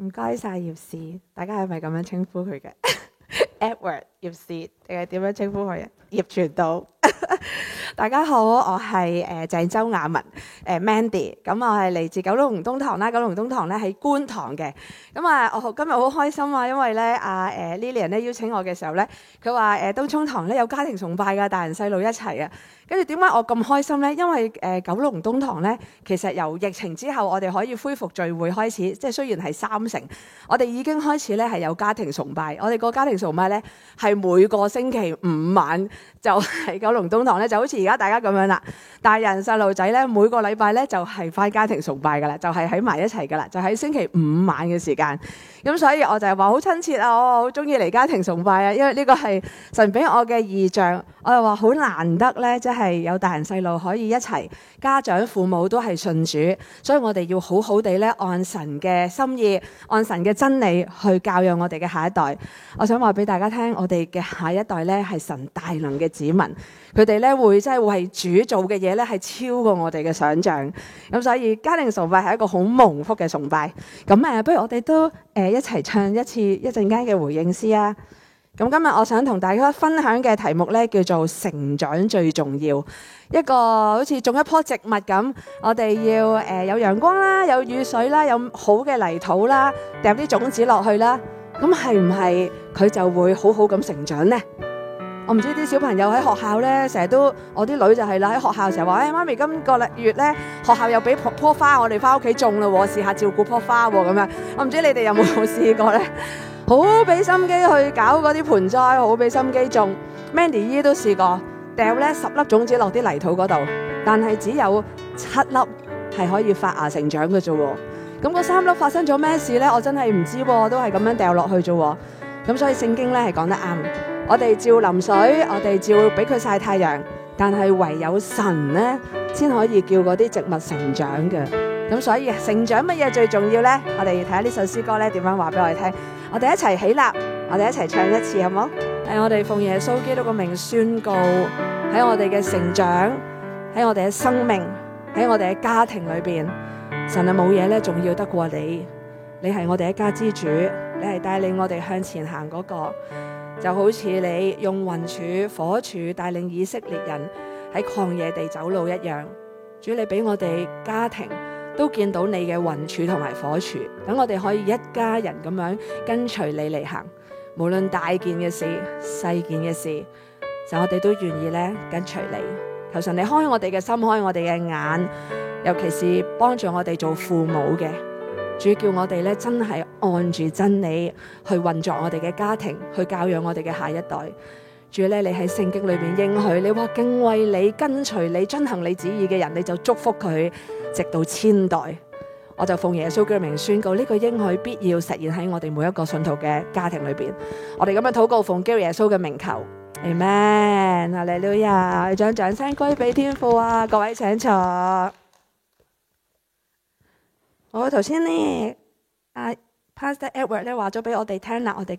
唔該晒葉氏，大家係咪咁樣稱呼佢嘅 Edward 葉氏，定係點樣稱呼佢葉傳道？ 大家好，我係誒鄭州雅文誒、呃、Mandy，咁、呃、我係嚟自九龍東堂啦，九龍東堂咧喺觀塘嘅。咁、呃、啊，我今日好開心啊，因為咧啊誒、呃、Lillian 咧邀請我嘅時候咧，佢話誒東涌堂咧有家庭崇拜㗎，大人細路一齊啊。跟住點解我咁開心咧？因為誒、呃、九龍東堂咧，其實由疫情之後我哋可以恢復聚會開始，即係雖然係三成，我哋已經開始咧係有家庭崇拜。我哋個家庭崇拜咧係每個星期五晚就喺九龍東堂咧。 就好似而家大家咁樣啦，大人細路仔咧，每個禮拜咧就係返家庭崇拜噶啦，就係喺埋一齊噶啦，就喺、是、星期五晚嘅時間。咁所以我就係話好親切啊，我好中意嚟家庭崇拜啊，因為呢個係神俾我嘅異象。我又話好難得咧，即、就、係、是、有大人細路可以一齊，家長父母都係信主，所以我哋要好好地咧按神嘅心意、按神嘅真理去教育我哋嘅下一代。我想話俾大家聽，我哋嘅下一代咧係神大能嘅子民。佢哋咧會真係為主做嘅嘢咧，係超過我哋嘅想像。咁所以家庭崇拜係一個好蒙福嘅崇拜。咁誒，不如我哋都誒一齊唱一次一陣間嘅回應詩啊！咁今日我想同大家分享嘅題目咧，叫做成長最重要。一個好似種一樖植物咁，我哋要誒有陽光啦，有雨水啦，有好嘅泥土啦，掉啲種子落去啦，咁係唔係佢就會好好咁成長咧？我唔知啲小朋友喺學校咧，成日都我啲女就係啦，喺學校成日話：哎媽咪，今個月咧，學校又俾棵花我哋翻屋企種啦，試下照顧棵花哦、咁樣。我唔知你哋有冇試過咧，好俾心機去搞嗰啲盆栽，好俾心機種。Mandy 姨都試過，掉咧十粒種子落啲泥土嗰度，但係只有七粒係可以發芽成長嘅啫。咁嗰三粒發生咗咩事咧？我真係唔知，都係咁樣掉落去啫。咁所以聖經咧係講得啱。我哋照淋水，我哋照俾佢曬太陽，但係唯有神呢，先可以叫嗰啲植物成長嘅。咁所以，成長乜嘢最重要呢？我哋睇下呢首詩歌咧，點樣話俾我哋聽。我哋一齊起，起立，我哋一齊唱一次，好唔好？我哋奉耶穌基督嘅名，宣告：喺我哋嘅成長，喺我哋嘅生命，喺我哋嘅家庭裏邊，神係冇嘢咧，重要得過你。你係我哋一家之主，你係帶領我哋向前行嗰個，就好似你用雲柱火柱帶領以色列人喺曠野地走路一樣。主，你俾我哋家庭都見到你嘅雲柱同埋火柱，等我哋可以一家人咁樣跟隨你嚟行。無論大件嘅事、細件嘅事，就我哋都願意呢跟隨你。求神你開我哋嘅心，開我哋嘅眼，尤其是幫助我哋做父母嘅。主叫我哋咧，真係按住真理去運作我哋嘅家庭，去教養我哋嘅下一代。主咧，你喺聖經裏邊應許，你話敬畏你、跟隨你、遵行你旨意嘅人，你就祝福佢直到千代。我就奉耶穌嘅名宣告，呢個應許必要實現喺我哋每一個信徒嘅家庭裏邊。我哋咁樣禱告，奉基督耶穌嘅名求，amen。哈利路亞，你掌掌聲歸俾天父啊！各位請坐。我頭先呢阿 Pastor Edward 咧，話咗畀我哋聽啦，我哋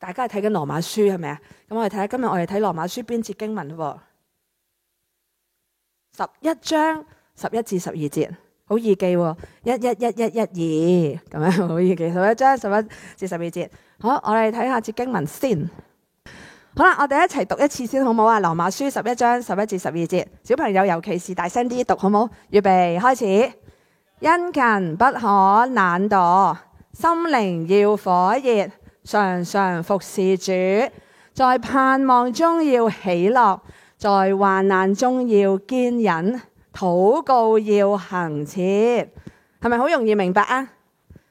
大家係睇緊羅馬書係咪啊？咁我哋睇下今日我哋睇羅馬書邊節經文咯，哦。十一章十一至十二節，好易記，哦，一一一一一二咁樣好易記。十一章十一至十二節，好，我哋睇下節經文先。好啦，我哋一齊讀一次先，好唔好啊？羅馬書十一章十一至十二節，小朋友尤其是大聲啲讀，好唔好？預備開始。殷勤不可懶惰，心靈要火熱，常常服侍主，在盼望中要喜樂，在患難中要堅忍，禱告要恆切。係咪好容易明白啊？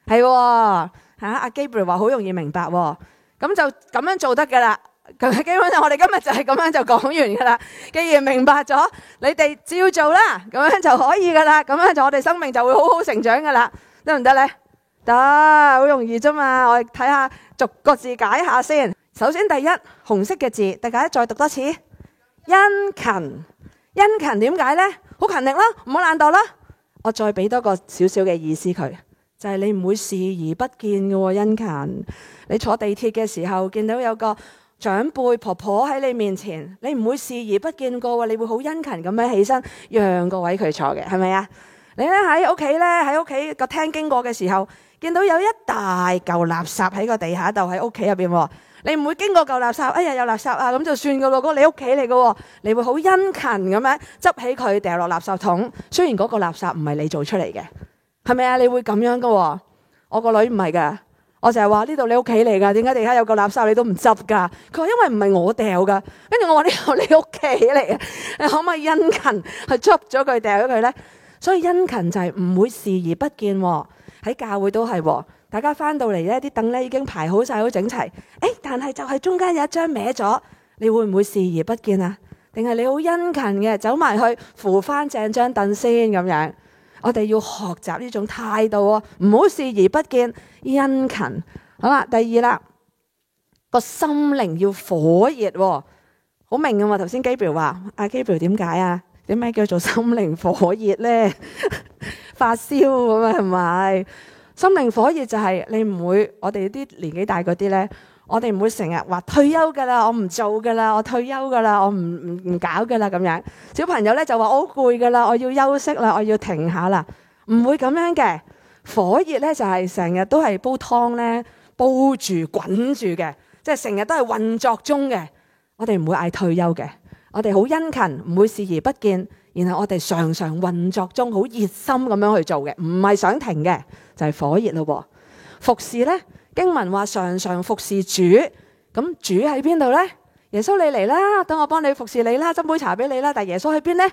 係、哦、啊，阿 Gabriel 話好容易明白、哦，咁就咁樣做得噶啦。基本上我哋今日就係咁樣就講完噶啦。既然明白咗，你哋照做啦，咁樣就可以噶啦。咁樣就我哋生命就會好好成長噶啦，得唔得咧？得，好容易啫嘛。我睇下逐個字解下先。首先第一紅色嘅字，大家再讀多一次。殷勤，殷勤點解呢？好勤力啦，唔好懶惰啦。我再俾多個少少嘅意思佢，就係、是、你唔會視而不見嘅、哦。殷勤，你坐地鐵嘅時候見到有個。長輩婆婆喺你面前，你唔會視而不見過喎，你會好殷勤咁樣起身讓個位佢坐嘅，係咪啊？你咧，喺屋企咧，喺屋企個廳經過嘅時候，見到有一大嚿垃圾喺個地下度，喺屋企入邊，你唔會經過嚿垃圾，哎呀有垃圾啊咁就算噶咯，嗰個你屋企嚟噶，你會好殷勤咁樣執起佢掉落垃圾桶。雖然嗰個垃圾唔係你做出嚟嘅，係咪啊？你會咁樣噶？我個女唔係噶。我就係話呢度你屋企嚟噶，點解地下有個垃圾你都唔執噶？佢話因為唔係我掉噶。跟住我話呢度你屋企嚟，你可唔可以殷勤去捉咗佢掉咗佢咧？所以殷勤就係唔會視而不見喎。喺教會都係喎，哦，大家翻到嚟咧，啲凳咧已經排好晒好整齊。誒，欸，但係就係中間有一張歪咗，你會唔會視而不見啊？定係你好殷勤嘅走埋去扶翻正張凳先咁樣？我哋要學習呢種態度喎、哦，唔好視而不見，殷勤。好啦，第二啦，個心靈要火熱、哦，好明㗎嘛。頭先 Gabriel 話，阿 Gabriel 點解啊？點解、啊、叫做心靈火熱咧？ 發燒咁啊，係咪？心靈火熱就係你唔會，我哋啲年紀大嗰啲咧。我哋唔會成日話退休噶啦，我唔做噶啦，我退休噶啦，我唔唔唔搞噶啦咁樣。小朋友咧就話好攰噶啦，我要休息啦，我要停下啦，唔會咁樣嘅。火熱咧就係成日都係煲湯咧煲住滾住嘅，即係成日都係運作中嘅。我哋唔會嗌退休嘅，我哋好殷勤，唔會視而不見，然後我哋常常運作中，好熱心咁樣去做嘅，唔係想停嘅就係火熱咯。服侍咧，經文話常常服侍主，咁主喺邊度呢？耶穌你嚟啦，等我幫你服侍你啦，斟杯茶俾你啦。但耶穌喺邊呢？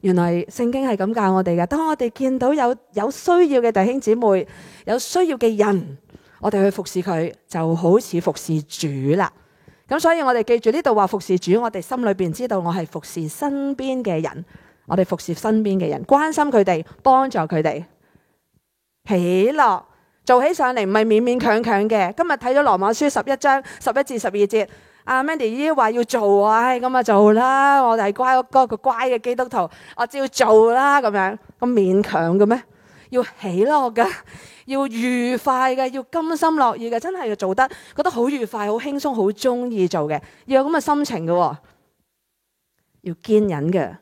原來聖經係咁教我哋嘅。當我哋見到有有需要嘅弟兄姊妹，有需要嘅人，我哋去服侍佢，就好似服侍主啦。咁所以我哋記住呢度話服侍主，我哋心裏邊知道我係服侍身邊嘅人，我哋服侍身邊嘅人，關心佢哋，幫助佢哋，喜樂。做起上嚟唔係勉勉強強嘅。今日睇咗羅馬書十二章十一至十二節，阿、啊、Mandy 姨、e、話要做啊，咁、哎、啊做啦，我哋乖哥、那個乖嘅基督徒，我照做啦。咁樣咁勉強嘅咩？要喜樂嘅，要愉快嘅，要甘心樂意嘅，真係要做得，覺得好愉快、好輕鬆、好中意做嘅，要有咁嘅心情嘅、哦。要堅忍嘅，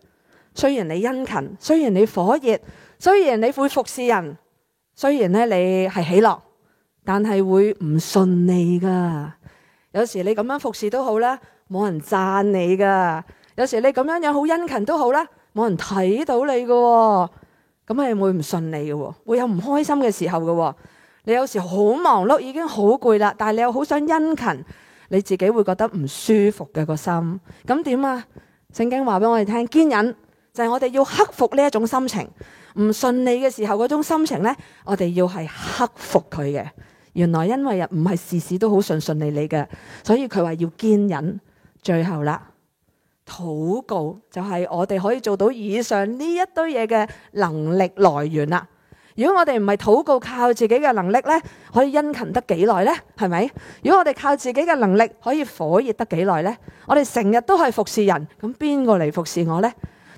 雖然你殷勤，雖然你火熱，雖然你會服侍人。雖然咧你係喜樂，但係會唔順利㗎。有時你咁樣服侍都好啦，冇人讚你㗎；有時你咁樣樣好殷勤都好啦，冇人睇到你㗎。咁係會唔順利㗎，會有唔開心嘅時候㗎。你有時好忙碌已經好攰啦，但係你又好想殷勤，你自己會覺得唔舒服嘅個心。咁點啊？聖經話俾我哋聽，堅忍。就係我哋要克服呢一種心情，唔順利嘅時候嗰種心情呢，我哋要係克服佢嘅。原來因為唔係事事都好順順利利嘅，所以佢話要堅忍。最後啦，禱告就係我哋可以做到以上呢一堆嘢嘅能力來源啦。如果我哋唔係禱告，靠自己嘅能力呢，可以殷勤得幾耐呢？係咪？如果我哋靠自己嘅能力，可以火熱得幾耐呢？我哋成日都係服侍人，咁邊個嚟服侍我呢？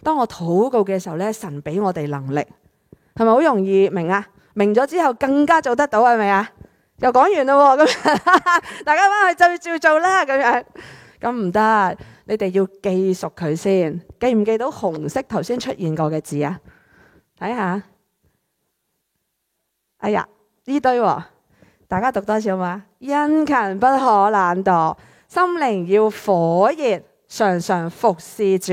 當我禱告嘅時候咧，神俾我哋能力，係咪好容易明啊？明咗之後更加做得到，係咪啊？又講完咯，咁大家翻去就照照做啦，咁樣咁唔得，你哋要記熟佢先，記唔記到紅色頭先出現過嘅字啊？睇下，哎呀呢堆、啊，大家讀多次好唔好？殷勤不可懶惰，心靈要火熱，常常服侍主。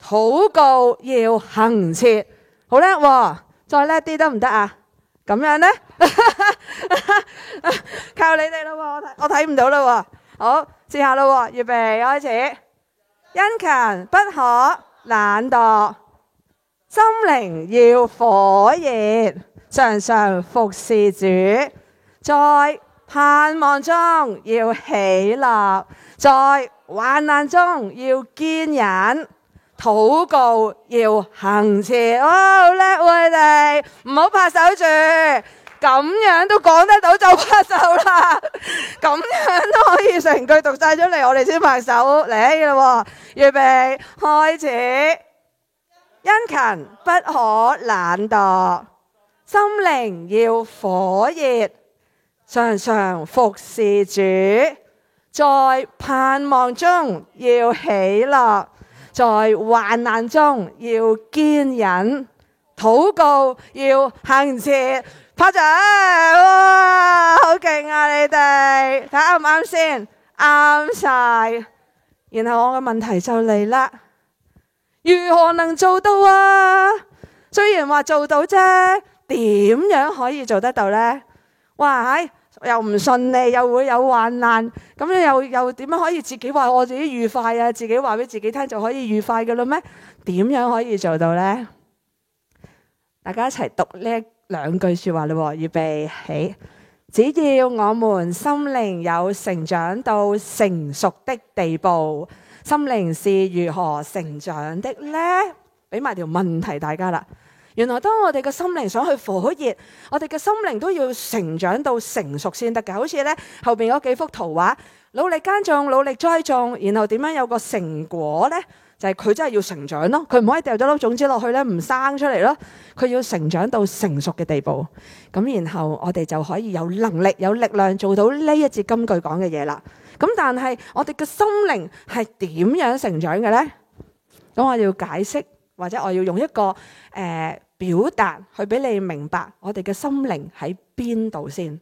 禱告要恆切，好叻，再叻啲得唔得啊？咁樣呢，靠你哋啦！我我睇唔到啦，好試下啦，預備開始。殷勤不可懶惰，心靈要火熱，常常服事主，在盼望中要喜樂，在患難中要堅忍。禱告要恆切，哇好叻，我哋唔好拍手住，咁樣都講得到就拍手啦，咁樣都可以成句讀晒出嚟，我哋先拍手嚟嘅咯。預備開始，殷勤不可懶惰，心靈要火熱，常常服事主，在盼望中要喜樂。在患難中要堅忍，禱告要恆切。拍掌，哇，好勁啊！你哋睇啱唔啱先？啱晒。然後我嘅問題就嚟啦，如何能做到啊？雖然話做到啫，點樣可以做得到咧？哇！喺又唔順利，又會有患難，咁樣又又點樣可以自己話我自己愉快啊？自己話俾自己聽就可以愉快嘅嘞咩？點樣可以做到呢？大家一齊讀呢兩句說話啦，預備起。只要我們心靈有成長到成熟的地步，心靈是如何成長的呢？俾埋條問題大家啦。原來當我哋嘅心靈想去火熱，我哋嘅心靈都要成長到成熟先得㗎。好似咧後邊嗰幾幅圖畫，努力耕種，努力栽種，然後點樣有個成果咧？就係佢真係要成長咯，佢唔可以掉咗粒種子落去咧，唔生出嚟咯。佢要成長到成熟嘅地步，咁然後我哋就可以有能力、有力量做到呢一節金句講嘅嘢啦。咁但係我哋嘅心靈係點樣成長嘅咧？咁我要解釋，或者我要用一個誒。呃表達去俾你明白我哋嘅心靈喺邊度先，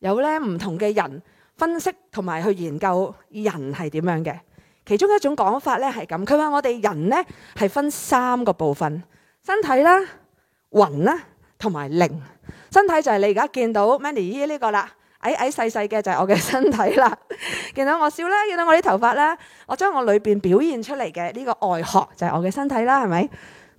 有咧唔同嘅人分析同埋去研究人係點樣嘅。其中一種講法咧係咁，佢話我哋人咧係分三個部分：身體啦、魂啦同埋靈。身體就係你而家見到 Mandy 姨、e、呢個啦，矮矮細細嘅就係我嘅身體啦。 見到我笑啦，見到我啲頭髮啦，我將我裏邊表現出嚟嘅呢個外殼就係我嘅身體啦，係咪？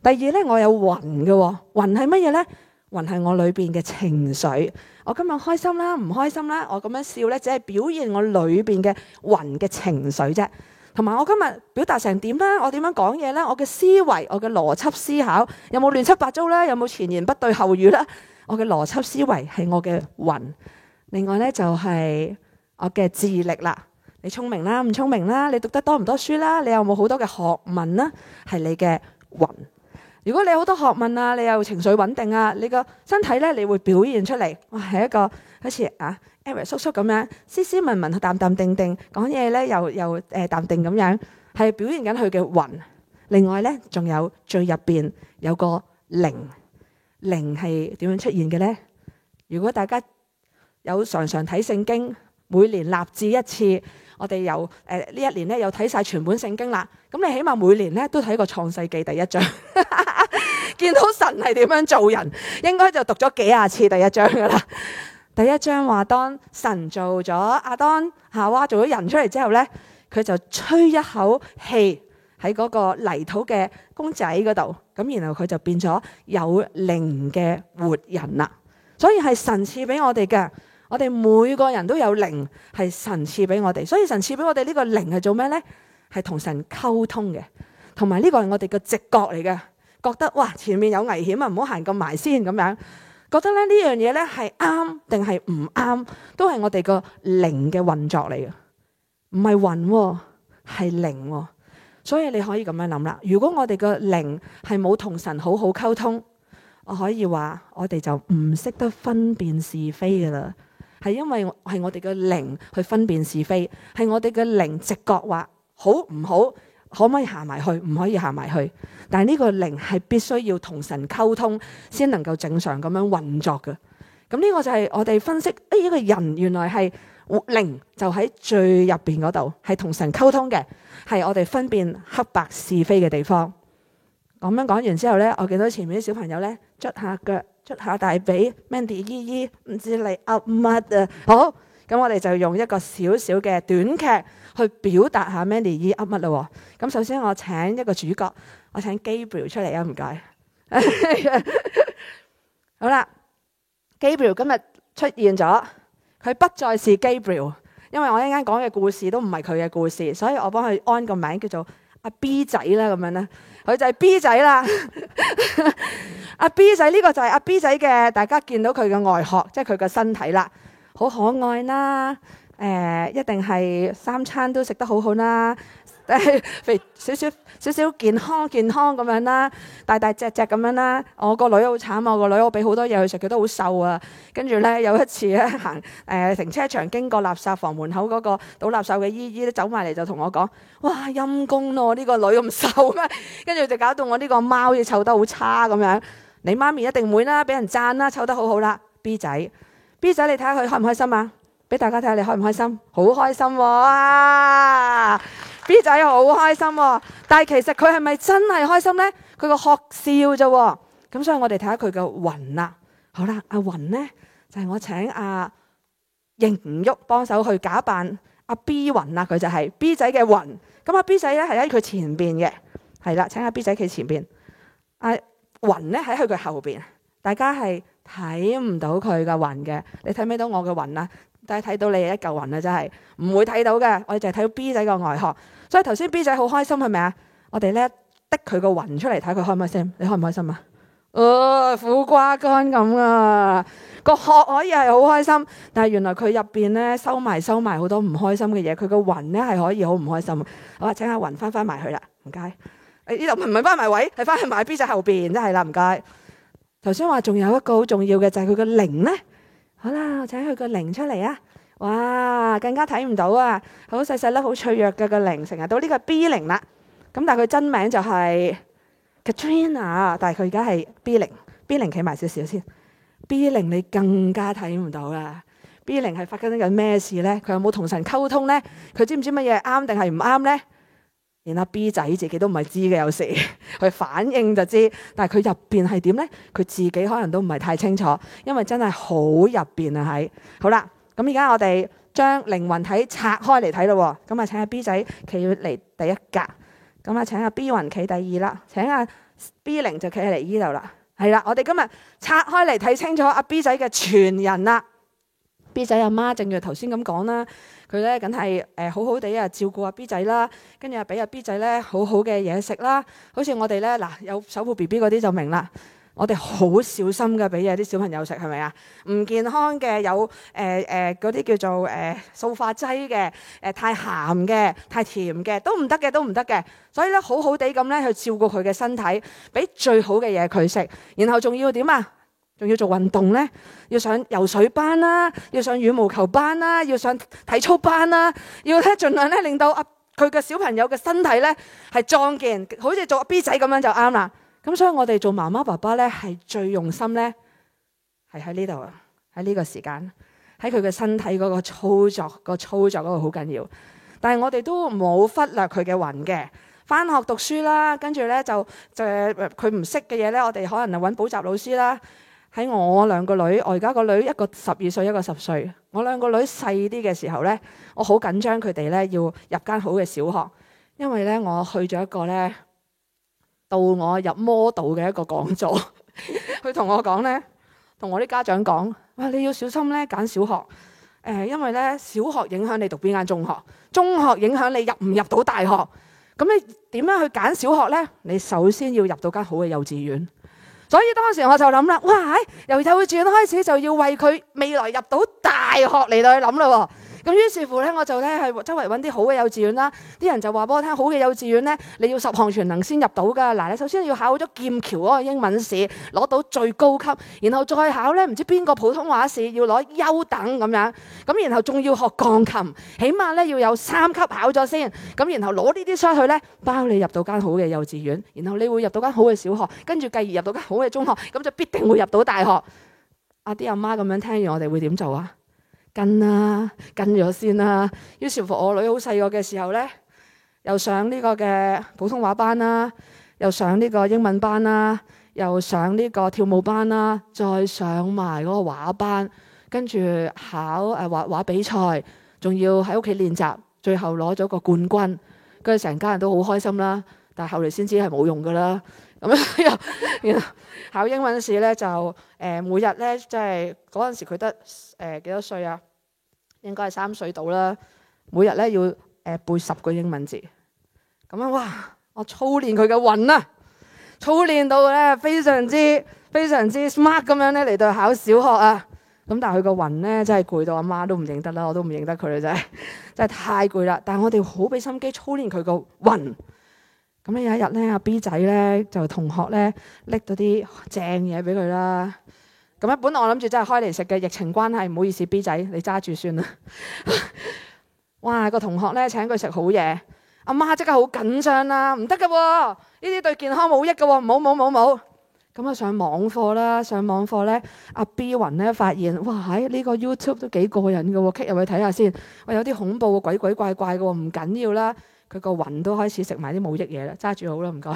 第二咧，我有魂嘅喎，魂係乜嘢呢？魂係我裏邊嘅情緒。我今日開心啦，唔開心啦，我咁樣笑呢，只係表現我裏邊嘅魂嘅情緒啫。同埋我今日表達成點啦？我點樣講嘢咧？我嘅思維，我嘅邏輯思考有冇亂七八糟啦？有冇前言不對後語啦？我嘅邏輯思維係我嘅魂。另外呢，就係我嘅智力啦，你聰明啦，唔聰明啦，你讀得多唔多書啦？你有冇好多嘅學問啦？係你嘅魂。如果你好多學問啊，你又情緒穩定啊，你個身體咧你會表現出嚟，我係一個好似啊 Eric 叔叔咁樣斯斯文文、淡淡定定，定，講嘢咧又又誒、呃、淡定咁樣，係表現緊佢嘅魂。另外咧仲有最入邊有個靈，靈係點樣出現嘅咧？如果大家有常常睇聖經，每年立志一次。我哋又誒呢一年咧又睇晒全本聖經啦，咁你起碼每年咧都睇過創世紀第一章， 見到神係點樣做人，應該就讀咗幾廿次第一章噶啦。第一章話當神做咗亞當夏娃做咗人出嚟之後咧，佢就吹一口氣喺嗰個泥土嘅公仔嗰度，咁然後佢就變咗有靈嘅活人啦。所以係神賜俾我哋嘅。我哋每個人都有靈，係神賜俾我哋，所以神賜俾我哋呢個靈係做咩呢？係同神溝通嘅，同埋呢個係我哋嘅直覺嚟嘅，覺得哇前面有危險啊，唔好行咁埋先咁樣，覺得咧呢樣嘢呢係啱定係唔啱，都係我哋個靈嘅運作嚟嘅，唔係魂，係靈喎。所以你可以咁樣諗啦。如果我哋個靈係冇同神好好溝通，我可以話我哋就唔識得分辨是非噶啦。係因為係我哋嘅靈去分辨是非，係我哋嘅靈直覺話好唔好，可唔可以行埋去？唔可以行埋去。但係呢個靈係必須要同神溝通，先能夠正常咁樣運作嘅。咁、嗯、呢個就係我哋分析，哎，呢個人原來係靈就喺最入邊嗰度，係同神溝通嘅，係我哋分辨黑白是非嘅地方。咁樣講完之後呢，我見到前面啲小朋友呢，捽下腳。出下大髀，Mandy 姨姨唔知你噏乜啊！好，咁我哋就用一個小小嘅短劇去表達下 Mandy 姨噏乜啦。咁首先我請一個主角，我請 Gabriel 出嚟啊！唔該， 好啦，Gabriel 今日出現咗，佢不再是 Gabriel，因為我一陣間講嘅故事都唔係佢嘅故事，所以我幫佢安個名叫做阿 B 仔啦，咁樣啦。佢就係 B 仔啦，阿、 啊、B 仔呢、呢個就係阿、啊、B 仔嘅，大家見到佢嘅外殼，即係佢嘅身體啦，好可愛啦，誒、呃、一定係三餐都食得好好啦。肥少少少少健康健康咁樣啦，大大隻隻咁樣啦。我個女好慘啊！我個女我俾好多嘢佢食，佢都好瘦啊。跟住呢，有一次咧行誒、呃、停車場經過垃圾房門口嗰個倒垃圾嘅姨姨咧走埋嚟就同我講：哇陰公咯、啊！呢、呢個女咁瘦咩？跟住就搞到我呢個貓要湊得好差咁樣。你媽咪一定唔會啦，俾人讚啦，湊得好好啦。B 仔，B 仔你睇下佢開唔開心啊？俾大家睇下你開唔開心？好開心喎啊！B 仔好開心、哦，但係其實佢係咪真係開心咧？佢個學笑啫、哦，咁所以我哋睇下佢嘅雲啦。好啦，阿、啊、雲咧就係、是、我請阿瑩郁幫手去假扮阿、啊、B 雲啦。佢就係、是、B 仔嘅雲。咁阿 B 仔咧係喺佢前邊嘅，係啦，請阿 B 仔企前邊。阿、啊、雲咧喺佢個後邊，大家係睇唔到佢嘅雲嘅。你睇唔睇到我嘅雲啊？但係睇到你一嚿雲啦，真係唔會睇到嘅。我哋就係睇到 B 仔個外殼。所以頭先 B 仔好開心係咪啊？我哋咧的佢個雲出嚟睇佢開唔開心？你開唔開心啊？哦、呃，苦瓜乾咁啊！個殼可以係好開心，但係原來佢入邊咧收埋收埋好多唔開心嘅嘢。佢個雲咧係可以好唔開心。好，我請阿雲翻翻埋去啦，唔該。誒、哎，呢度唔係翻埋位，係翻去埋 B 仔後邊，真係啦，唔該。頭先話仲有一個好重要嘅就係佢個靈咧。好啦，我請佢個靈出嚟啊！哇，更加睇唔到啊！好細細粒，好脆弱嘅個零，成日到呢個 B 零啦。咁但係佢真名就係 Katrina，但係佢而家係 B 零。B 零企埋少少先，B 零你更加睇唔到啦、啊。B 零係發生緊咩事咧？佢有冇同神溝通咧？佢知唔知乜嘢係啱定係唔啱咧？連 B 仔自己都唔係知嘅，有時佢反應就知，但係佢入邊係點咧？佢自己可能都唔係太清楚，因為真係好入邊啊！喺好啦。咁而家我哋將靈魂體拆開嚟睇咯，咁啊請阿 B 仔企嚟第一格，咁啊請阿 B 魂企第二啦，請阿 B 靈就企喺嚟呢度啦。係啦，我哋今日拆開嚟睇清楚阿 B 仔嘅全人啦。B 仔阿媽，媽正如頭先咁講啦，佢咧梗係誒好好地啊照顧阿 B 仔啦，跟住又俾阿 B 仔咧好好嘅嘢食啦，好似我哋咧嗱有守護 B B 嗰啲就明啦。我哋好小心嘅，俾嘢啲小朋友食，係咪啊？唔健康嘅，有誒誒嗰啲叫做誒塑、呃、化劑嘅，誒、呃、太鹹嘅，太甜嘅，都唔得嘅，都唔得嘅。所以咧，好好地咁咧去照顧佢嘅身體，俾最好嘅嘢佢食，然後仲要點啊？仲要做運動咧，要上游水班啦、啊，要上羽毛球班啦、啊，要上體操班啦、啊，要咧盡量咧令到啊佢嘅小朋友嘅身體咧係壯健，好似做阿 B 仔咁樣就啱啦。咁、嗯、所以我哋做媽媽爸爸咧，係最用心咧，係喺呢度，啊，喺呢個時間，喺佢嘅身體嗰個操作、個操作嗰個好緊要。但係我哋都冇忽略佢嘅運嘅，返學讀書啦，跟住咧就誒佢唔識嘅嘢咧，我哋可能就揾補習老師啦。喺我兩個女，我而家個女一個十二歲，一個十歲。我兩個女細啲嘅時候咧，我好緊張佢哋咧要入間好嘅小學，因為咧我去咗一個咧。到我入魔道嘅一個講座，佢 同我講呢，同我啲家長講：哇，你要小心呢，揀小學誒、呃，因為呢，小學影響你讀邊間中學，中學影響你入唔入到大學。咁你點樣去揀小學呢？你首先要入到間好嘅幼稚園。所以當時我就諗啦：哇，由幼稚園開始就要為佢未來入到大學嚟到去諗啦。咁於是乎咧，我就咧係周圍揾啲好嘅幼稚園啦。啲人就話俾我聽，好嘅幼稚園咧，你要十項全能先入到噶。嗱，你首先要考咗劍橋嗰個英文試，攞到最高級，然後再考咧唔知邊個普通話試，要攞優等咁樣。咁然後仲要學鋼琴，起碼咧要有三級考咗先。咁然後攞呢啲出去咧，包你入到間好嘅幼稚園。然後你會入到間好嘅小學，跟住繼而入到間好嘅中學，咁就必定會入到大學。阿啲阿媽咁樣聽完，我哋會點做啊？跟啦、啊，跟咗先啦、啊。於是乎，我女好細個嘅時候呢，又上呢個嘅普通話班啦，又上呢個英文班啦，又上呢個跳舞班啦，再上埋嗰個畫班，跟住考誒、啊、畫畫比賽，仲要喺屋企練習，最後攞咗個冠軍，跟住成家人都好開心啦。但後嚟先知係冇用㗎啦，咁 樣考英文試咧就誒、呃、每日咧即係嗰陣時佢得誒幾、呃、多歲啊？應該係三歲到啦。每日咧要誒、呃、背十個英文字，咁樣哇！我操練佢嘅魂啊，操練到咧非常之非常之 smart 咁樣咧嚟到考小學啊。咁但係佢個魂咧真係攰到阿媽都唔認得啦，我都唔認得佢啦，真係真係太攰啦。但係我哋好俾心機操練佢個魂。咁有一日咧，阿 B 仔咧就同學咧拎到啲正嘢俾佢啦。咁咧本來我諗住真係開嚟食嘅，疫情關係，唔好意思，B 仔你揸住算啦。 哇！個同學咧請佢食好嘢，阿媽即刻好緊張啦，唔得噶，呢啲對健康冇益噶喎，唔好唔好唔好。咁啊上網課啦，上網課咧，阿 B 云咧發現哇，喺、這、呢個 YouTube 都幾過癮噶喎，入去睇下先。喂，有啲恐怖嘅鬼鬼怪怪嘅喎，唔緊要啦。佢個雲都開始食埋啲冇益嘢啦，揸住好啦，唔該。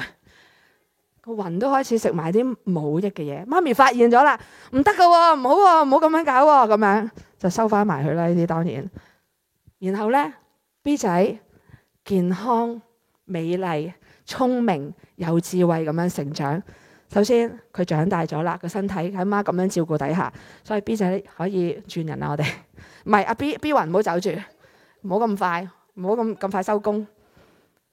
個雲都開始食埋啲冇益嘅嘢，媽咪發現咗啦，唔得噶，唔好喎，唔好咁樣搞喎，咁樣就收翻埋佢啦。呢啲當然。然後咧，B 仔健康、美麗、聰明、有智慧咁樣成長。首先佢長大咗啦，個身體喺媽咁樣照顧底下，所以 B 仔可以轉人啦。我哋唔係阿 B，B 雲唔好走住，唔好咁快，唔好咁咁快收工。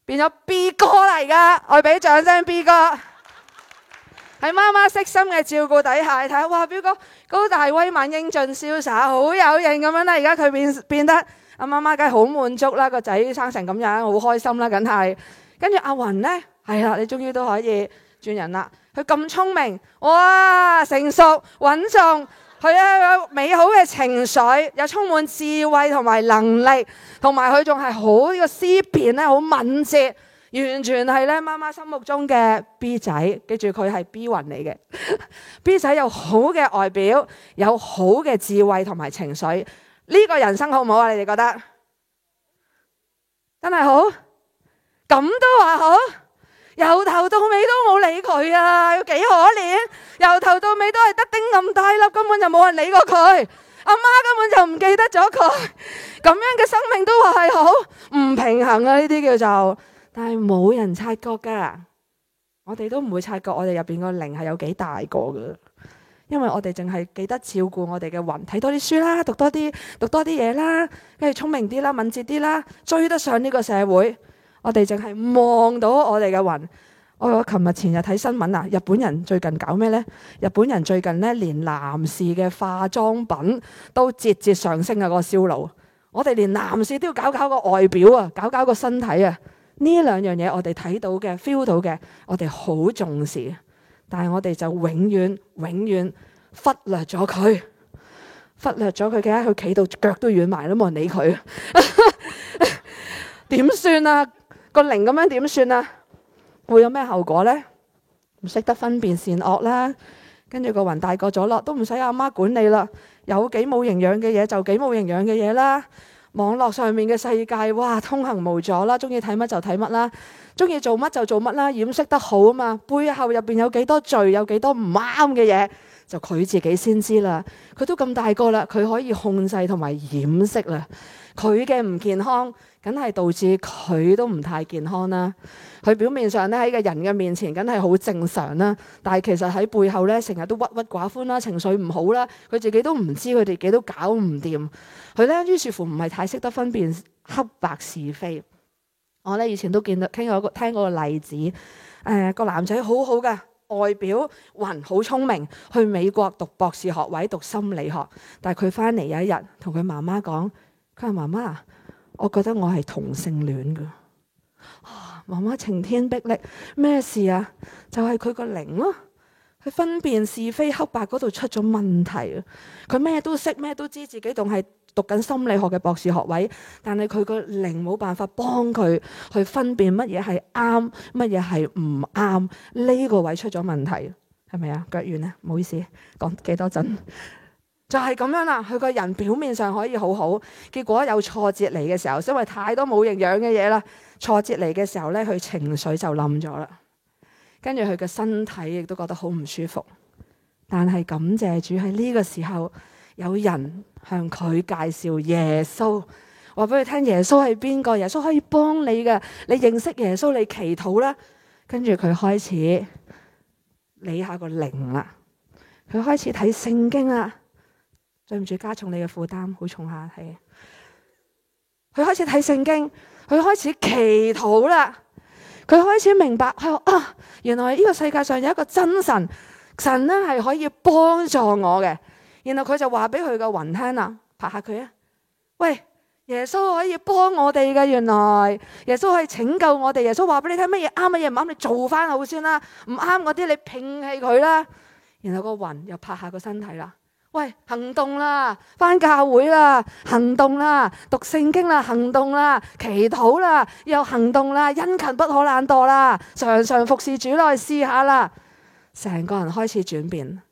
變咗 B 哥嚟噶，而家我俾掌聲 B 哥，喺媽媽悉心嘅照顧底下，你睇哇，表哥高大威猛、英俊瀟灑，好有型咁樣啦。而家佢變變得阿媽媽梗係好滿足啦，個仔生成咁樣好開心啦，梗係。跟住阿雲咧，係啦，你終於都可以轉人啦。佢咁聰明，哇，成熟穩重。佢咧有美好嘅情緒，又充滿智慧同埋能力，同埋佢仲係好呢個思辨咧，好敏捷，完全係咧媽媽心目中嘅 B 仔。記住佢係 B 雲嚟嘅 B 仔，有好嘅外表，有好嘅智慧同埋情緒。呢個人生好唔好啊？你哋覺得真係好，咁都話好。由頭到尾都冇理佢啊，幾可憐！由頭到尾都係得丁咁大粒，根本就冇人理過佢。阿媽根本就唔記得咗佢。咁樣嘅生命都話係好唔平衡啊！呢啲叫做，但係冇人察覺噶。我哋都唔會察覺我哋入面個靈係有幾大個噶，因為我哋淨係記得照顧我哋嘅魂，睇多啲書啦，讀多啲，讀多啲嘢啦，跟住聰明啲啦，敏捷啲啦，追得上呢個社會。我哋淨係望到我哋嘅魂。我我琴日前日睇新聞啊，日本人最近搞咩呢？日本人最近咧，連男士嘅化妝品都節節上升啊！個銷路。我哋連男士都要搞搞個外表啊，搞搞個身體啊。呢兩樣嘢我哋睇到嘅、feel 到嘅，我哋好重視。但係我哋就永遠、永遠忽略咗佢，忽略咗佢嘅。佢企到腳都軟埋，都冇人理佢。點 算啊？個靈咁樣點算啊？會有咩後果呢？唔識得分辨善惡啦，跟住個魂大個咗咯，都唔使阿媽管你啦。有幾冇營養嘅嘢就幾冇營養嘅嘢啦。網絡上面嘅世界，哇，通行無阻啦，中意睇乜就睇乜啦，中意做乜就做乜啦，掩飾得好啊嘛，背後入邊有幾多罪，有幾多唔啱嘅嘢。就佢自己先知啦，佢都咁大個啦，佢可以控制同埋掩飾啦。佢嘅唔健康，梗係導致佢都唔太健康啦。佢表面上咧喺個人嘅面前，梗係好正常啦。但係其實喺背後咧，成日都鬱鬱寡歡啦，情緒唔好啦。佢自己都唔知，佢自己都搞唔掂。佢咧於是乎唔係太識得分辨黑白是非。我咧以前都見到傾過一個聽過,一個,聽過一個例子，誒、呃、個男仔好好噶。外表還好聰明，去美國讀博士學位讀心理學，但係佢翻嚟有一日同佢媽媽講，佢話，媽媽，我覺得我係同性戀噶，啊媽媽晴天霹靂咩事啊？就係佢個靈咯，佢分辨是非黑白嗰度出咗問題，佢咩都識咩都知，自己仲係。讀緊心理學嘅博士學位，但係佢個靈冇辦法幫佢去分辨乜嘢係啱，乜嘢係唔啱。呢個位出咗問題，係咪啊？腳軟啊！唔好意思，講幾多陣就係咁樣啦。佢個人表面上可以好好，結果有挫折嚟嘅時候，因為太多冇營養嘅嘢啦，挫折嚟嘅時候呢，佢情緒就冧咗啦。跟住佢嘅身體亦都覺得好唔舒服，但係感謝主喺呢個時候有人。向佢介紹耶穌，話俾佢聽耶穌係邊個，耶穌可以幫你嘅。你認識耶穌，你祈禱啦。跟住佢開始理下個靈啦，佢開始睇聖經啦。對唔住，加重你嘅負擔，好重下係。佢開始睇聖經，佢開始祈禱啦。佢開始明白，佢話啊，原來呢個世界上有一個真神，神咧係可以幫助我嘅。然後佢就話俾佢個魂聽啦，拍下佢啊！喂，耶穌可以幫我哋嘅，原來耶穌可以拯救我哋。耶穌話俾你聽乜嘢啱乜嘢唔啱，你做翻好先啦，唔啱嗰啲你摒棄佢啦。然後個魂又拍下個身體啦，喂，行動啦，翻教會啦，行動啦，讀聖經啦，行動啦，祈禱啦，又行動啦，殷勤不可懶惰啦，常常服侍主，落去試下啦，成個人開始轉變。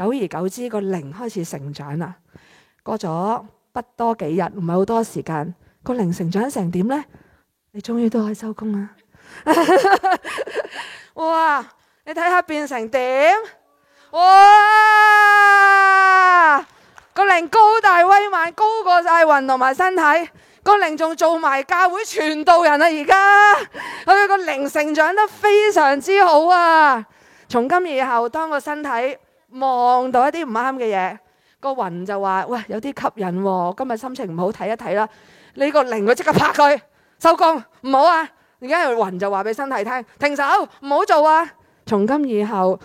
久而久之，個靈開始成長啦。過咗不多幾日，唔係好多時間，個靈成長成點呢？你終於都可以收工啦！哇！你睇下變成點？哇！個靈高大威猛，高過晒雲同埋身體。個靈仲做埋教會傳道人啊！而家佢個靈成長得非常之好啊！從今以後，當個身體。望到一啲唔啱嘅嘢，個魂就話：喂，有啲吸引、哦，我今日心情唔好，睇一睇啦。你，這個靈佢即刻拍佢，收工，唔好啊！而家個魂就話俾身體聽：停手，唔好做啊！從今以後，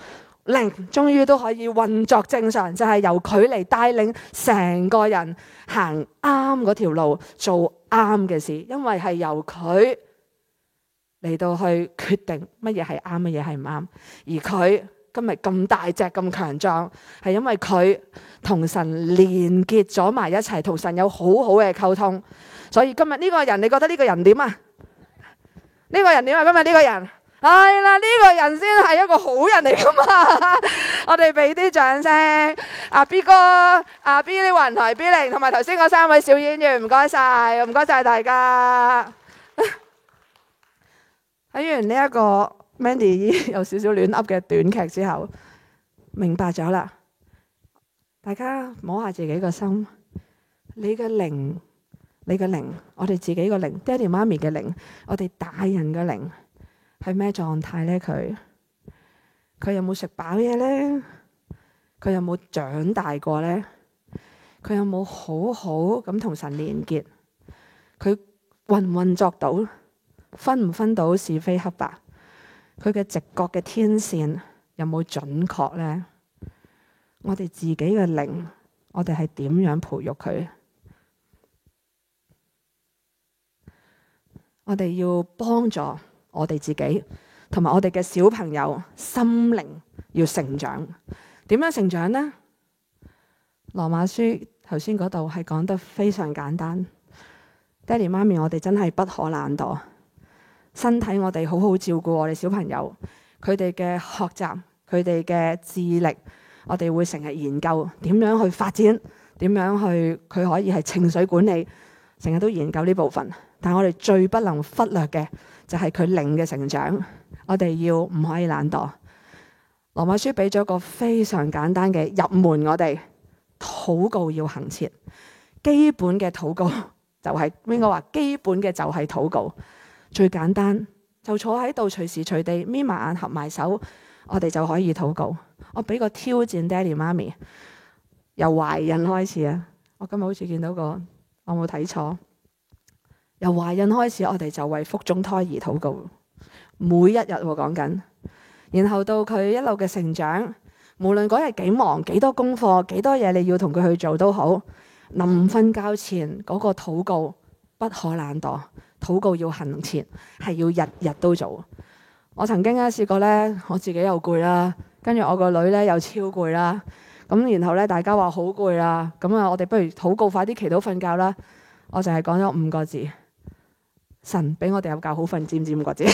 靈終於都可以運作正常，就係、是、由佢嚟帶領成個人行啱嗰條路，做啱嘅事，因為係由佢嚟到去決定乜嘢係啱，乜嘢係唔啱，而佢。今日咁大隻咁強壯，係因為佢同神連結咗埋一齊，同神有好好嘅溝通。所以今日呢個人，你覺得呢個人點啊？呢個人點啊？今日呢個人，係啦，呢個人先係一個好人嚟㗎嘛？ 我哋俾啲掌聲，阿 B 哥，阿 B 呢云台 B 零，同埋頭先嗰三位小演員，唔該晒，唔該晒大家。睇 完呢、這、一個。Mandy 有少少亂噏嘅短劇之後，明白咗啦。大家摸下自己個心，你嘅靈，你嘅靈，我哋自己個靈，爹哋媽咪嘅靈，我哋大人嘅靈係咩狀態呢？佢佢有冇食飽嘢呢？佢有冇長大過呢？佢有冇好好咁同神連結？佢運唔運作到，分唔分到是非黑白？佢嘅直覺嘅天線有冇準確呢？我哋自己嘅靈，我哋係點樣培育佢？我哋要幫助我哋自己，同埋我哋嘅小朋友心靈要成長，點樣成長呢？羅馬書頭先嗰度係講得非常簡單，爹地媽咪，我哋真係不可懶惰。身體我哋好好照顧，我哋小朋友佢哋嘅學習、佢哋嘅智力，我哋會成日研究點樣去發展，點樣去佢可以係情緒管理，成日都研究呢部分。但係我哋最不能忽略嘅就係佢靈嘅成長，我哋要唔可以懶惰。羅馬書俾咗一個非常簡單嘅入門我，我哋禱告要恆切，基本嘅禱告就係應該話？基本嘅就係禱告。最簡單就坐喺度，隨時隨地眯埋眼、合埋手，我哋就可以禱告。我俾個挑戰，爹哋媽咪由懷孕開始啊！我今日好似見到個，我冇睇錯，由懷孕開始，我哋就為腹中胎兒禱告，每一日喎講緊。然後到佢一路嘅成長，無論嗰日幾忙、幾多功課、幾多嘢你要同佢去做都好，臨瞓覺前嗰個禱告不可懶惰。禱告要恆切，係要日日都做。我曾經咧試過咧，我自己又攰啦，跟住我個女呢又超攰啦。咁然後呢，大家話好攰啦，咁啊，我哋不如禱告快啲祈禱瞓覺啦。我淨係講咗五個字：神俾我哋有覺好瞓，知唔知五個字？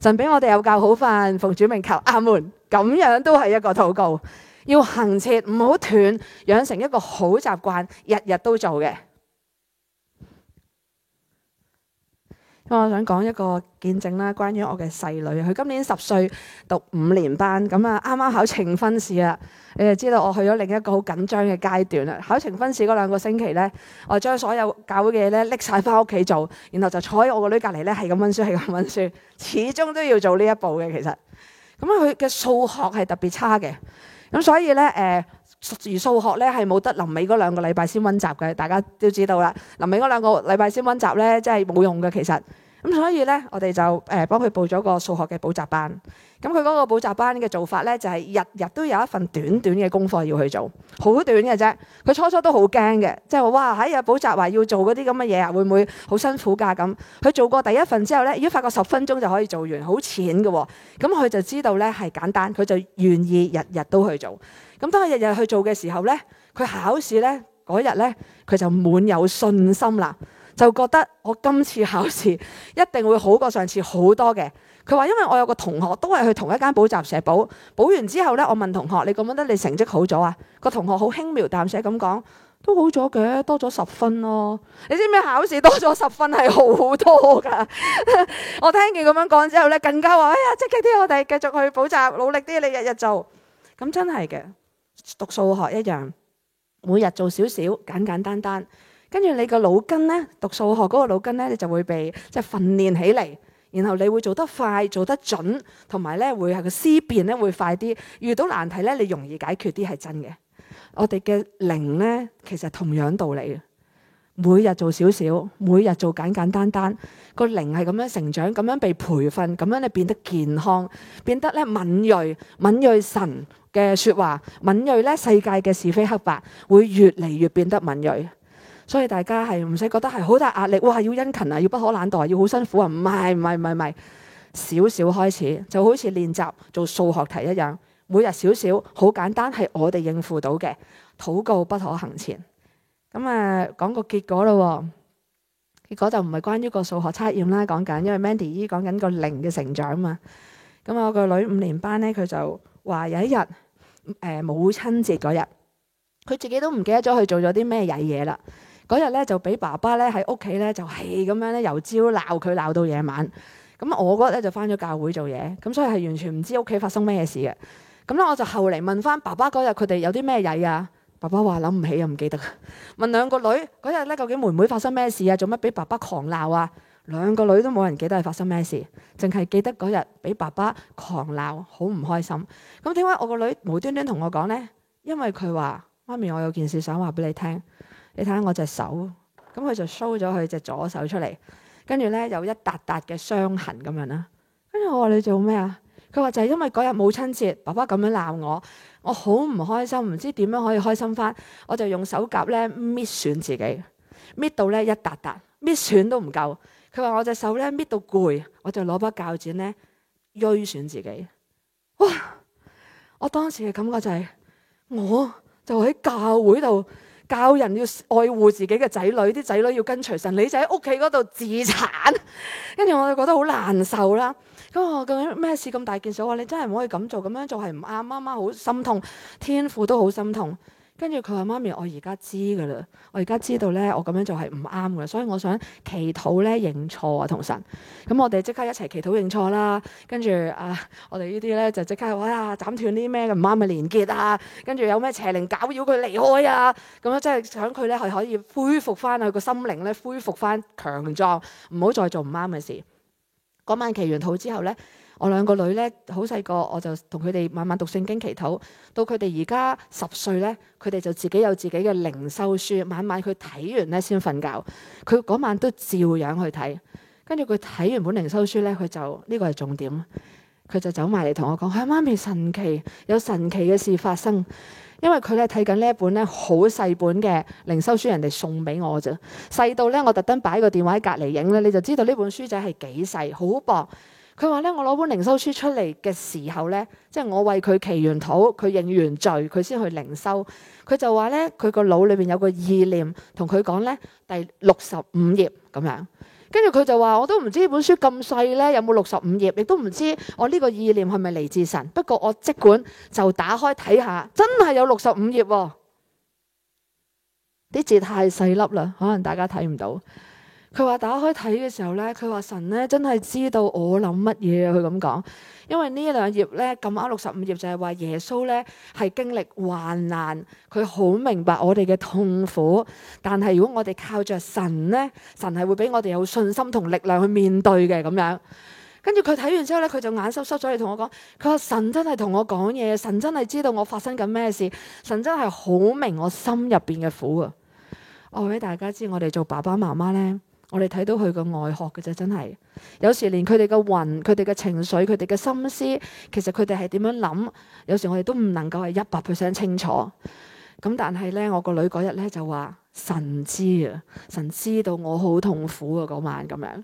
神俾我哋有覺好瞓，奉主命求阿門。咁樣都係一個禱告，要恆切唔好斷，養成一個好習慣，日日都做嘅。我想講一個見證啦，關於我嘅細女，佢今年十歲，讀五年班，咁啊啱啱考呈分試啦。你就知道我去咗另一個好緊張嘅階段啦。考呈分試嗰兩個星期咧，我將所有教會嘅嘢咧拎晒翻屋企做，然後就坐喺我個女隔離咧係咁温書，係咁温書，始終都要做呢一步嘅其實。咁佢嘅數學係特別差嘅，咁所以咧誒、呃、而數學咧係冇得臨尾嗰兩個禮拜先温習嘅，大家都知道啦。臨尾嗰兩個禮拜先温習咧，真係冇用嘅其實。咁所以咧，我哋就誒幫佢報咗個數學嘅補習班。咁佢嗰個補習班嘅做法咧，就係日日都有一份短短嘅功課要去做，好短嘅啫。佢初初都好驚嘅，即係話哇，喺日補習話要做嗰啲咁嘅嘢啊，會唔會好辛苦㗎咁？佢做過第一份之後咧，如果發覺十分鐘就可以做完，好淺嘅喎，咁佢就知道咧係簡單，佢就願意日日都去做。咁當佢日日去做嘅時候咧，佢考試咧嗰日咧，佢就滿有信心啦。就覺得我今次考試一定會好過上次好多嘅。佢話因為我有個同學都係去同一間補習社補，補完之後呢，我問同學：你覺得你成績好咗啊？個同學好輕描淡寫咁講，都好咗嘅，多咗十分咯、啊。你知唔知考試多咗十分係好多㗎？ 我聽見咁樣講之後呢，更加話：哎呀，積極啲，我哋繼續去補習，努力啲，你日日做。咁真係嘅，讀數學一樣，每日做少少，簡簡單單單。跟住你個腦筋咧，讀數學嗰個腦筋咧，你就會被即係訓練起嚟，然後你會做得快、做得準，同埋咧會係個思辨咧會快啲。遇到難題咧，你容易解決啲係真嘅。我哋嘅靈咧其實同樣道理，每日做少少，每日做簡簡單單，這個靈係咁樣成長，咁樣被培訓，咁樣你變得健康，變得咧敏鋭，敏鋭神嘅説話，敏鋭咧世界嘅是非黑白會越嚟越變得敏鋭。所以大家係唔使覺得係好大壓力，哇！要殷勤啊，要不可懶惰、啊、要好辛苦啊？唔係唔係唔係唔係，少少開始就好似練習做數學題一樣，每日少少，好簡單，係我哋應付到嘅。禱告不可行前，咁、嗯、啊講個結果啦、哦。結果就唔係關於個數學測驗啦，講緊因為 Mandy 姨講緊個零嘅成長嘛。咁、嗯、啊，我個女五年班呢，佢就話有一日誒、呃、母親節嗰日，佢自己都唔記得咗佢做咗啲咩曳嘢啦。嗰日咧就俾爸爸咧喺屋企咧就係咁樣咧由朝鬧佢鬧到夜晚。咁我嗰日咧就返咗教會做嘢，咁所以係完全唔知屋企發生咩事嘅。咁咧我就後嚟問返爸爸嗰日佢哋有啲咩嘢嘢啊？爸爸話諗唔起又唔記得。問兩個女嗰日咧究竟妹妹發生咩事啊？做乜俾爸爸狂鬧啊？兩個女都冇人記得係發生咩事，淨係記得嗰日俾爸爸狂鬧，好唔開心。咁點解我個女無端端同我講呢，因為佢話媽咪我有件事想話俾你聽。你睇下我隻手，咁佢就 show 咗佢隻左手出嚟，跟住咧有一笪笪嘅傷痕咁樣啦。跟住我話你做咩啊？佢話就係因為嗰日母親節爸爸咁樣鬧我，我好唔開心，唔知點樣可以開心翻，我就用手夾咧搣損自己，搣到咧一笪笪，搣損都唔夠。佢話我隻手咧搣到攰，我就攞把鉸剪咧鋸損自己。哇！我當時嘅感覺就係、是，我就喺教會度。教人要愛護自己嘅仔女，啲仔女要跟隨神。你就喺屋企嗰度自殘，跟 住我就覺得好難受啦。咁我究竟咩事咁大件事？我話你真係唔可以咁做，咁樣做係唔啱，媽媽好心痛，天父都好心痛。跟住佢話：媽咪，我而家知噶啦，我而家知道咧，我咁樣做係唔啱嘅，所以我想祈禱咧，認錯啊，同神。咁我哋即刻一齊祈禱認錯啦。跟住啊，我哋呢啲咧就即刻啊，斬斷啲咩唔啱嘅連結啊。跟住有咩邪靈搞擾佢離開啊？咁樣，嗯，即係想佢咧係可以恢復翻佢個心靈咧，恢復翻強壯，唔好再做唔啱嘅事。嗰晚祈完禱之後咧。我兩個女咧好細個，我就同佢哋晚晚讀聖經祈禱。到佢哋而家十歲咧，佢哋就自己有自己嘅靈修書，晚晚佢睇完咧先瞓覺。佢嗰晚都照樣去睇。跟住佢睇完本靈修書咧，佢就呢個係重點。佢就走埋嚟同我講：啊、哎、媽咪，神奇，有神奇嘅事發生。因為佢咧睇緊呢一本咧好細本嘅靈修書，人哋送俾我啫。細到咧，我特登擺個電話喺隔籬影咧，你就知道呢本書仔係幾細，好薄。佢話咧，我攞本靈修書出嚟嘅時候咧，即係我為佢祈完禱，佢認完罪，佢先去靈修。佢就話咧，佢個腦裏邊有個意念，同佢講咧第六十五頁咁樣。跟住佢就話，我都唔知本書咁細咧，有冇六十五頁，亦都唔知我呢個意念係咪嚟自神。不過我即管就打開睇下，真係有六十五頁喎、哦。啲字太細粒啦，可能大家睇唔到。佢話打開睇嘅時候呢，佢話神呢真係知道我諗乜嘢啊！佢咁講，因為呢兩頁呢，咁啱六十五頁就係話耶穌呢係經歷患難，佢好明白我哋嘅痛苦。但係如果我哋靠着神呢，神係會俾我哋有信心同力量去面對嘅咁樣。跟住佢睇完之後呢，佢就眼濕濕咗，嚟同我講：佢話神真係同我講嘢，神真係知道我發生緊咩事，神真係好明我心入邊嘅苦啊！我俾大家知，我哋做爸爸媽媽呢。我哋睇到佢嘅外殼嘅啫，真係有時連佢哋嘅魂、佢哋嘅情緒、佢哋嘅心思，其實佢哋係點樣諗？有時我哋都唔能夠係一百 percent 清楚。咁但係咧，我個女嗰日咧就話神知啊，神知道我好痛苦啊，嗰晚咁樣，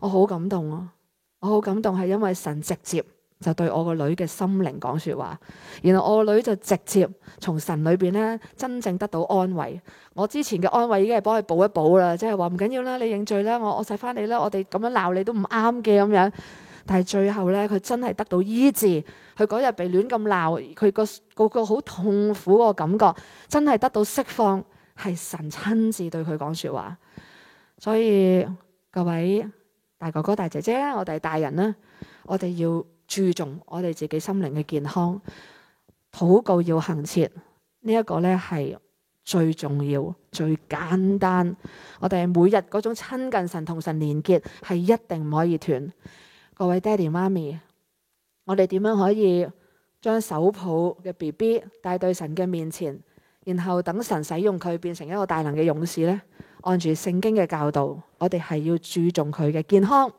我好感動啊，我好感動係因為神直接。就對我個女嘅心靈講說話，然後我個女就直接從神裏邊咧真正得到安慰。我之前嘅安慰已經係幫佢補一補啦，即係話唔緊要啦，你認罪啦，我我錫返你啦，我哋咁樣鬧你都唔啱嘅咁樣。但係最後咧，佢真係得到醫治。佢嗰日被亂咁鬧，佢個個個好痛苦個感覺，真係得到釋放，係神親自對佢講說話。所以各位大哥哥、大姐姐，我哋大人啦，我哋要。注重我哋自己心靈嘅健康，禱告要行切呢一個咧係最重要、最簡單。我哋每日嗰種親近神、同神連結係一定唔可以斷。各位爹哋媽咪，我哋點樣可以將手抱嘅 BB 帶到神嘅面前，然後等神使用佢變成一個大能嘅勇士咧？按住聖經嘅教導，我哋係要注重佢嘅健康，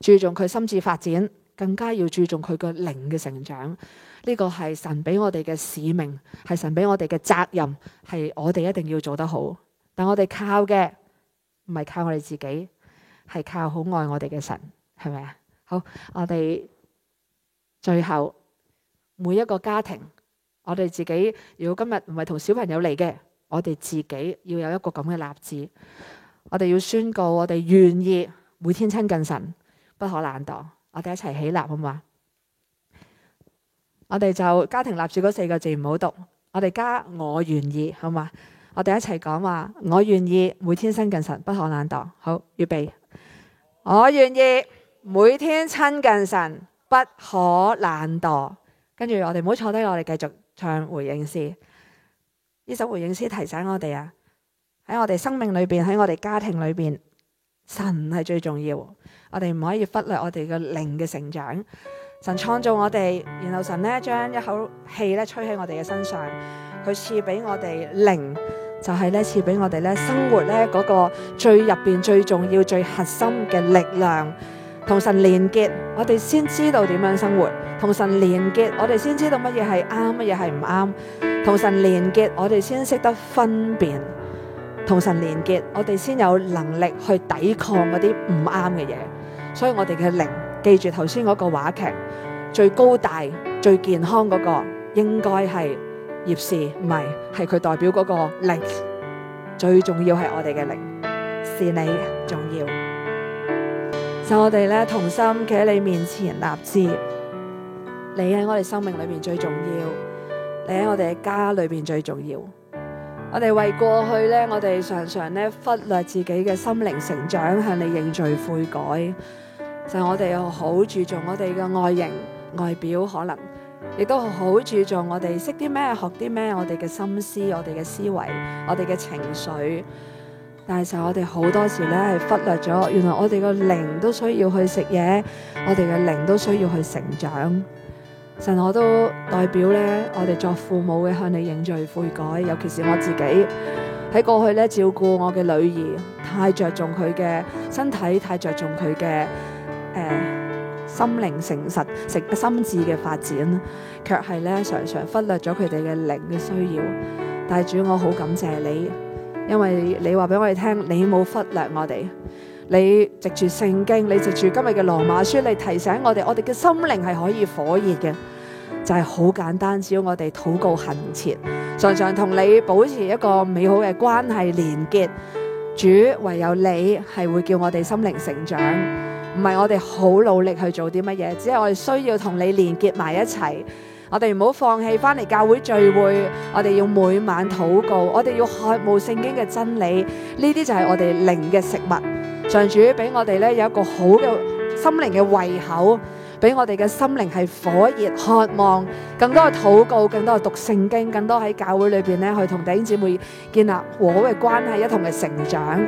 注重佢心智發展。更加要注重佢個靈嘅成長，呢個係神俾我哋嘅使命，係神俾我哋嘅責任，係我哋一定要做得好。但我哋靠嘅唔係靠我哋自己，係靠好愛我哋嘅神，係咪啊？好，我哋最後每一個家庭，我哋自己如果今日唔係同小朋友嚟嘅，我哋自己要有一個咁嘅立志，我哋要宣告，我哋願意每天親近神，不可懶惰。我哋一齊起，起立，好嘛？我哋就家庭立住嗰四個字唔好讀，我哋加我願意，好嘛？我哋一齊講話，我願意每天親近神，不可懶惰。好，預備，我願意每天親近神，不可懶惰。跟住我哋唔好坐低，我哋繼續唱回應詩。呢首回應詩提醒我哋啊，喺我哋生命裏邊，喺我哋家庭裏邊。神係最重要，我哋唔可以忽略我哋嘅靈嘅成長。神創造我哋，然後神咧將一口氣咧吹喺我哋嘅身上，佢賜俾我哋靈，就係、是、咧賜俾我哋咧生活咧嗰個最入邊最重要、最核心嘅力量。同神連結，我哋先知道點樣生活；同神連結，我哋先知道乜嘢係啱，乜嘢係唔啱；同神連結，我哋先識得分辨。同神連結，我哋先有能力去抵抗嗰啲唔啱嘅嘢。所以我哋嘅靈，記住頭先嗰個話劇最高大、最健康嗰個，應該係葉氏，唔係，係佢代表嗰個靈。最重要係我哋嘅靈，是你重要。就我哋呢同心企喺你面前立志，你喺我哋生命裏面最重要，你喺我哋嘅家裏面最重要。我哋為過去呢，我哋常常呢忽略自己嘅心靈成長，向你認罪悔改。就係我哋好注重我哋嘅外形、外表，可能亦都好注重我哋識啲咩、學啲咩，我哋嘅心思、我哋嘅思維、我哋嘅情緒。但係就我哋好多時呢，係忽略咗，原來我哋個靈都需要去食嘢，我哋嘅靈都需要去成長。神，我都代表咧，我哋作父母嘅向你認罪悔改，尤其是我自己喺過去咧照顧我嘅女兒，太着重佢嘅身體，太着重佢嘅誒心靈、誠實、心智嘅發展，卻係咧常常忽略咗佢哋嘅靈嘅需要。但係主，我好感謝你，因為你話俾我哋聽，你冇忽略我哋。你藉住聖經，你藉住今日嘅羅馬書你提醒我哋，我哋嘅心靈係可以火熱嘅，就係好簡單。只要我哋禱告恆切，常常同你保持一個美好嘅關係連結。主，唯有你係會叫我哋心靈成長，唔係我哋好努力去做啲乜嘢，只係我哋需要同你連結埋一齊。我哋唔好放棄，翻嚟教會聚會，我哋要每晚禱告，我哋要渴慕聖經嘅真理，呢啲就係我哋靈嘅食物。神主俾我哋咧有一個好嘅心靈嘅胃口，俾我哋嘅心靈係火熱渴望，更多嘅禱告，更多嘅讀聖經，更多喺教會裏面咧去同弟兄姊妹建立和好嘅關係，一同嘅成長。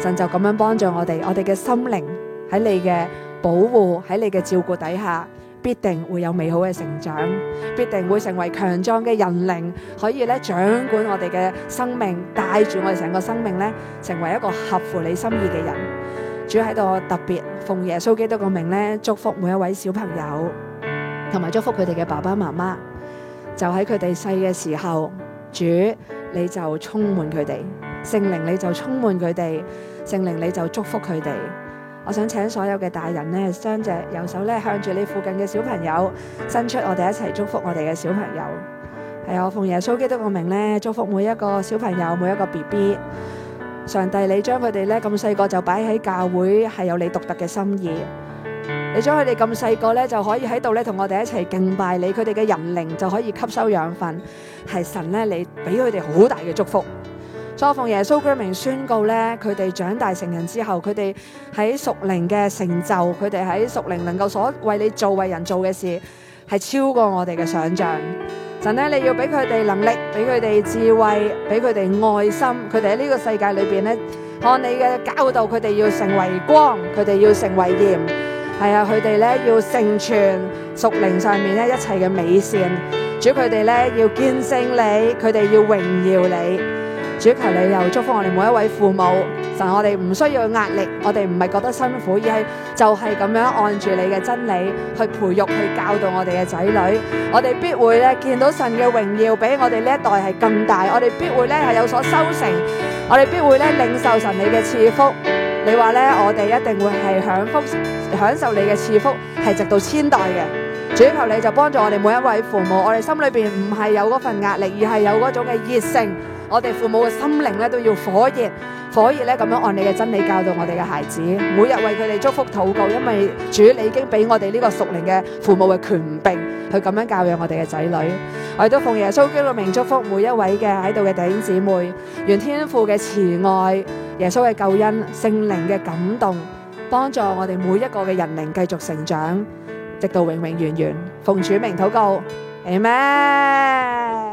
神就咁樣幫助我哋，我哋嘅心靈喺你嘅保護，喺你嘅照顧底下，必定會有美好嘅成長，必定會成為強壯嘅人靈，可以咧掌管我哋嘅生命，帶住我哋成個生命咧成為一個合乎你心意嘅人。主喺度特別奉耶穌基督嘅名咧，祝福每一位小朋友，同埋祝福佢哋嘅爸爸媽媽。就喺佢哋細嘅時候，主你就充滿佢哋，聖靈你就充滿佢哋，聖靈你就祝福佢哋。我想請所有嘅大人咧，將隻右手咧向住你附近嘅小朋友，伸出我哋一齊祝福我哋嘅小朋友。係、哎、我奉耶穌基督嘅名咧，祝福每一個小朋友，每一個 BB。上帝你將，你將佢哋咧咁細個就擺喺教會，係有你獨特嘅心意。你將佢哋咁細個咧，就可以喺度咧同我哋一齊敬拜你，佢哋嘅人靈就可以吸收養分。係神咧，你俾佢哋好大嘅祝福。所以我奉耶穌之名宣告咧，佢哋長大成人之後，佢哋喺屬靈嘅成就，佢哋喺屬靈能夠所為你做、為人做嘅事，係超過我哋嘅想象。神呢，你要俾佢哋能力，俾佢哋智慧，俾佢哋愛心。佢哋喺呢個世界裏面呢，按你嘅教導，佢哋要成為光，佢哋要成為鹽。係啊，佢哋呢要成全，屬靈上面呢一切嘅美善。主佢哋呢要見證你，佢哋要榮耀你。主，求你又祝福我哋每一位父母，神，我哋唔需要壓力，我哋唔係覺得辛苦，而係就係咁樣按住你嘅真理去培育，去教導我哋嘅仔女。我哋必會咧見到神嘅榮耀比我哋呢一代係更大，我哋必會咧係有所收成，我哋必會咧領受神你嘅賜福。你話咧，我哋一定會係享福，享受你嘅賜福，係直到千代嘅。主，求你就幫助我哋每一位父母，我哋心裏邊唔係有嗰份壓力，而係有嗰種嘅熱誠。我哋父母嘅心靈咧都要火熱，火熱咧咁樣按你嘅真理教導我哋嘅孩子，每日為佢哋祝福禱告，因為主你已經俾我哋呢個屬靈嘅父母嘅權柄去咁樣教養我哋嘅仔女。我哋都奉耶穌基督名祝福每一位嘅喺度嘅弟兄姊妹，願天父嘅慈愛、耶穌嘅救恩、聖靈嘅感動，幫助我哋每一個嘅人靈繼續成長，直到永永遠遠。奉主名禱告，阿門。